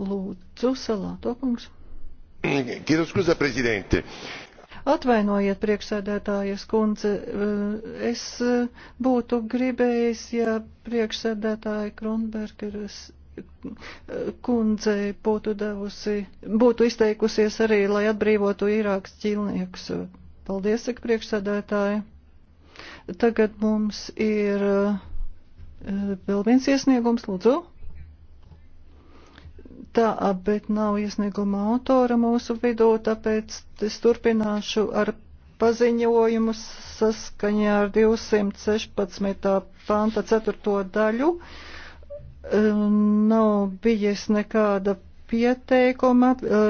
Lūdzu, Salāto kungs. Chiedo scusa, Presidente. Atvainojiet, priekšsēdētājas kundze, eh, es eh, būtu gribējis, ja priekšsēdētāja Kronbergeres eh, kundze būtu devusi, būtu izteikusies arī, lai atbrīvotu Irākas ķilniekus. Paldies, saka priekšsēdētāja. Tagad mums ir vēl viens iesniegums, lūdzu tā, bet nav iesnieguma autora mūsu vidū, tāpēc es turpināšu ar paziņojumu saskaņā ar 216. panta 4. daļu. Nav bijis nekāda pieteikuma.